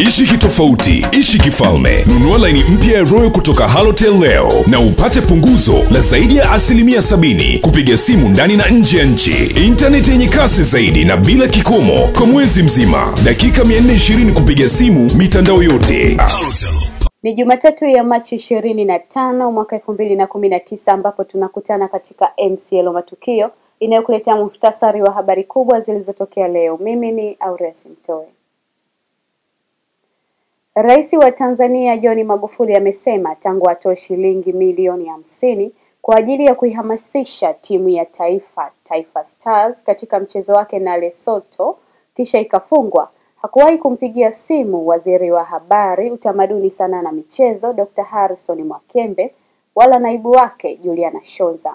Ishi kitofauti, ishi kifalme. Nunua laini mpya ya Royal kutoka Halotel leo na upate punguzo la zaidi ya asilimia sabini kupiga simu ndani na nje ya nchi, intaneti yenye kasi zaidi na bila kikomo kwa mwezi mzima, dakika 420 kupiga simu mitandao yote. Ni Jumatatu ya Machi ishirini na tano mwaka elfu mbili na kumi na tisa ambapo tunakutana katika MCL Matukio inayokuletea muhtasari wa habari kubwa zilizotokea leo. Mimi ni Aurea Simtoe. Rais wa Tanzania John Magufuli amesema tangu atoe shilingi milioni hamsini kwa ajili ya kuihamasisha timu ya taifa Taifa Stars katika mchezo wake na Lesotho kisha ikafungwa, hakuwahi kumpigia simu waziri wa habari, utamaduni, sanaa na michezo Dr. Harrison Mwakembe wala naibu wake Juliana Shoza.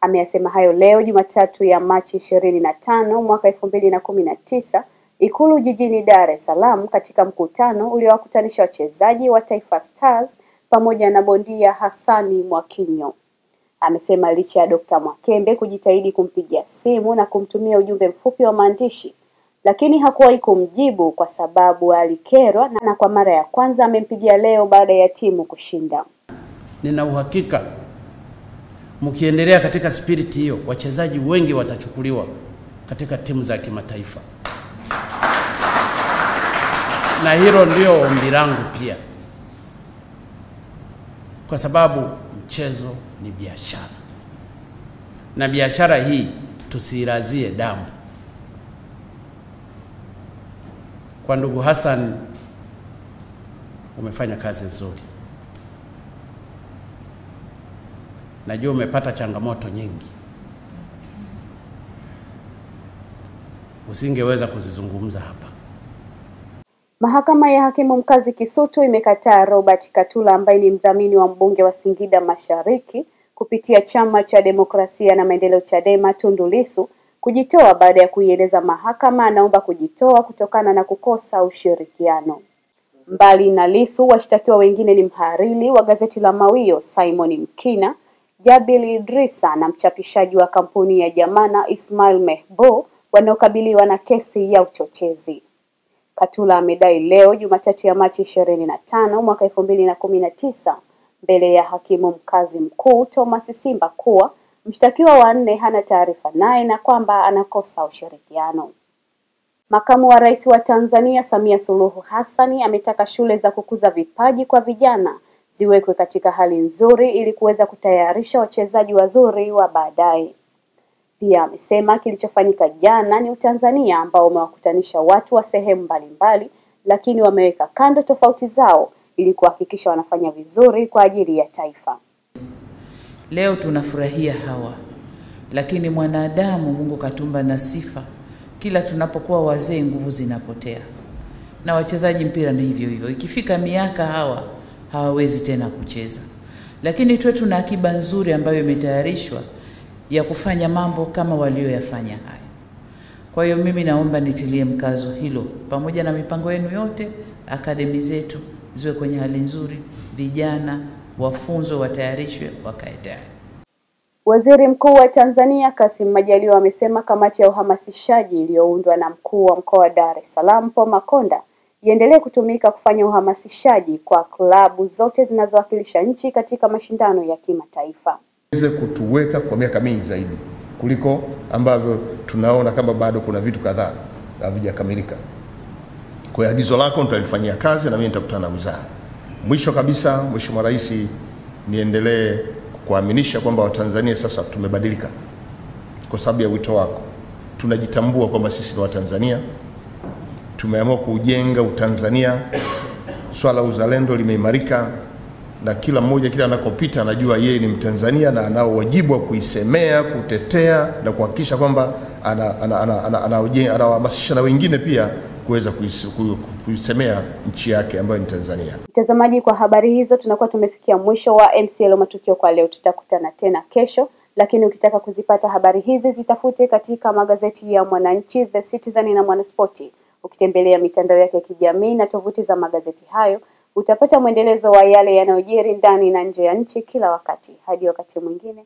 Ameyasema hayo leo Jumatatu ya Machi ishirini na tano mwaka elfu mbili na kumi na tisa Ikulu jijini Dar es Salaam katika mkutano uliowakutanisha wachezaji wa Taifa Stars pamoja na bondia Hassani Mwakinyo. Amesema licha ya Dokta Mwakembe kujitahidi kumpigia simu na kumtumia ujumbe mfupi wa maandishi, lakini hakuwahi kumjibu kwa sababu alikerwa, na kwa mara ya kwanza amempigia leo baada ya timu kushinda. Nina uhakika mkiendelea katika spiriti hiyo, wachezaji wengi watachukuliwa katika timu za kimataifa na hilo ndio ombi langu pia, kwa sababu mchezo ni biashara, na biashara hii tusilazie damu. Kwa ndugu Hassan, umefanya kazi nzuri, najua umepata changamoto nyingi usingeweza kuzizungumza hapa Mahakama ya Hakimu Mkazi Kisutu imekataa Robert Katula ambaye ni mdhamini wa mbunge wa Singida Mashariki kupitia Chama cha Demokrasia na Maendeleo Chadema Tundu Lissu kujitoa baada ya kuieleza mahakama anaomba kujitoa kutokana na kukosa ushirikiano. Mbali na Lissu, washtakiwa wengine ni mhariri wa gazeti la Mawio Simon Mkina, Jabil Idrisa na mchapishaji wa kampuni ya Jamana Ismail Mehbo wanaokabiliwa na kesi ya uchochezi. Katula amedai leo Jumatatu ya Machi ishirini na tano mwaka elfu mbili na kumi na tisa mbele ya hakimu mkazi mkuu Thomas Simba kuwa mshtakiwa wa nne hana taarifa naye na kwamba anakosa ushirikiano. Makamu wa Rais wa Tanzania Samia Suluhu Hassan ametaka shule za kukuza vipaji kwa vijana ziwekwe katika hali nzuri ili kuweza kutayarisha wachezaji wazuri wa baadaye. Pia amesema kilichofanyika jana ni utanzania ambao umewakutanisha watu wa sehemu mbalimbali, lakini wameweka kando tofauti zao ili kuhakikisha wanafanya vizuri kwa ajili ya taifa. Leo tunafurahia hawa, lakini mwanadamu Mungu katumba na sifa, kila tunapokuwa wazee nguvu zinapotea, na wachezaji mpira ni hivyo hivyo, ikifika miaka hawa hawawezi tena kucheza, lakini tuwe tuna akiba nzuri ambayo imetayarishwa ya kufanya mambo kama walioyafanya hayo. Kwa hiyo mimi naomba nitilie mkazo hilo, pamoja na mipango yenu yote, akademi zetu ziwe kwenye hali nzuri, vijana wafunzo watayarishwe, wakae tayari. Waziri Mkuu wa Tanzania Kassim Majaliwa amesema kamati ya uhamasishaji iliyoundwa na mkuu wa mkoa wa Dar es Salaam Paul Makonda iendelee kutumika kufanya uhamasishaji kwa klabu zote zinazowakilisha nchi katika mashindano ya kimataifa iweze kutuweka kwa miaka mingi zaidi kuliko ambavyo tunaona kama bado kuna vitu kadhaa havijakamilika. Kwa agizo lako nitalifanyia kazi na mimi nitakutana na wizara. Mwisho kabisa, Mheshimiwa Rais, niendelee kuaminisha kwamba Watanzania sasa tumebadilika kwa sababu ya wito wako. Tunajitambua kwamba sisi ni Watanzania, tumeamua kuujenga Utanzania, swala uzalendo limeimarika na kila mmoja kila anakopita anajua yeye ni Mtanzania na anao wajibu wa kuisemea, kutetea na kuhakikisha kwamba anawahamasisha na wengine pia kuweza kuisemea nchi yake ambayo ni Tanzania. Mtazamaji, kwa habari hizo tunakuwa tumefikia mwisho wa MCL matukio kwa leo. Tutakutana tena kesho, lakini ukitaka kuzipata habari hizi zitafute katika magazeti ya Mwananchi, The Citizen na Mwanaspoti, ukitembelea mitandao yake ya kijamii na tovuti za magazeti hayo Utapata mwendelezo wa yale yanayojiri ndani na nje ya nchi kila wakati. Hadi wakati mwingine.